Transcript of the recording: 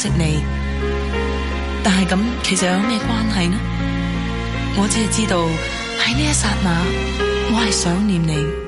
識你，但係咁，其實有咩關係呢？我只係知道喺呢一剎那，我係想念你。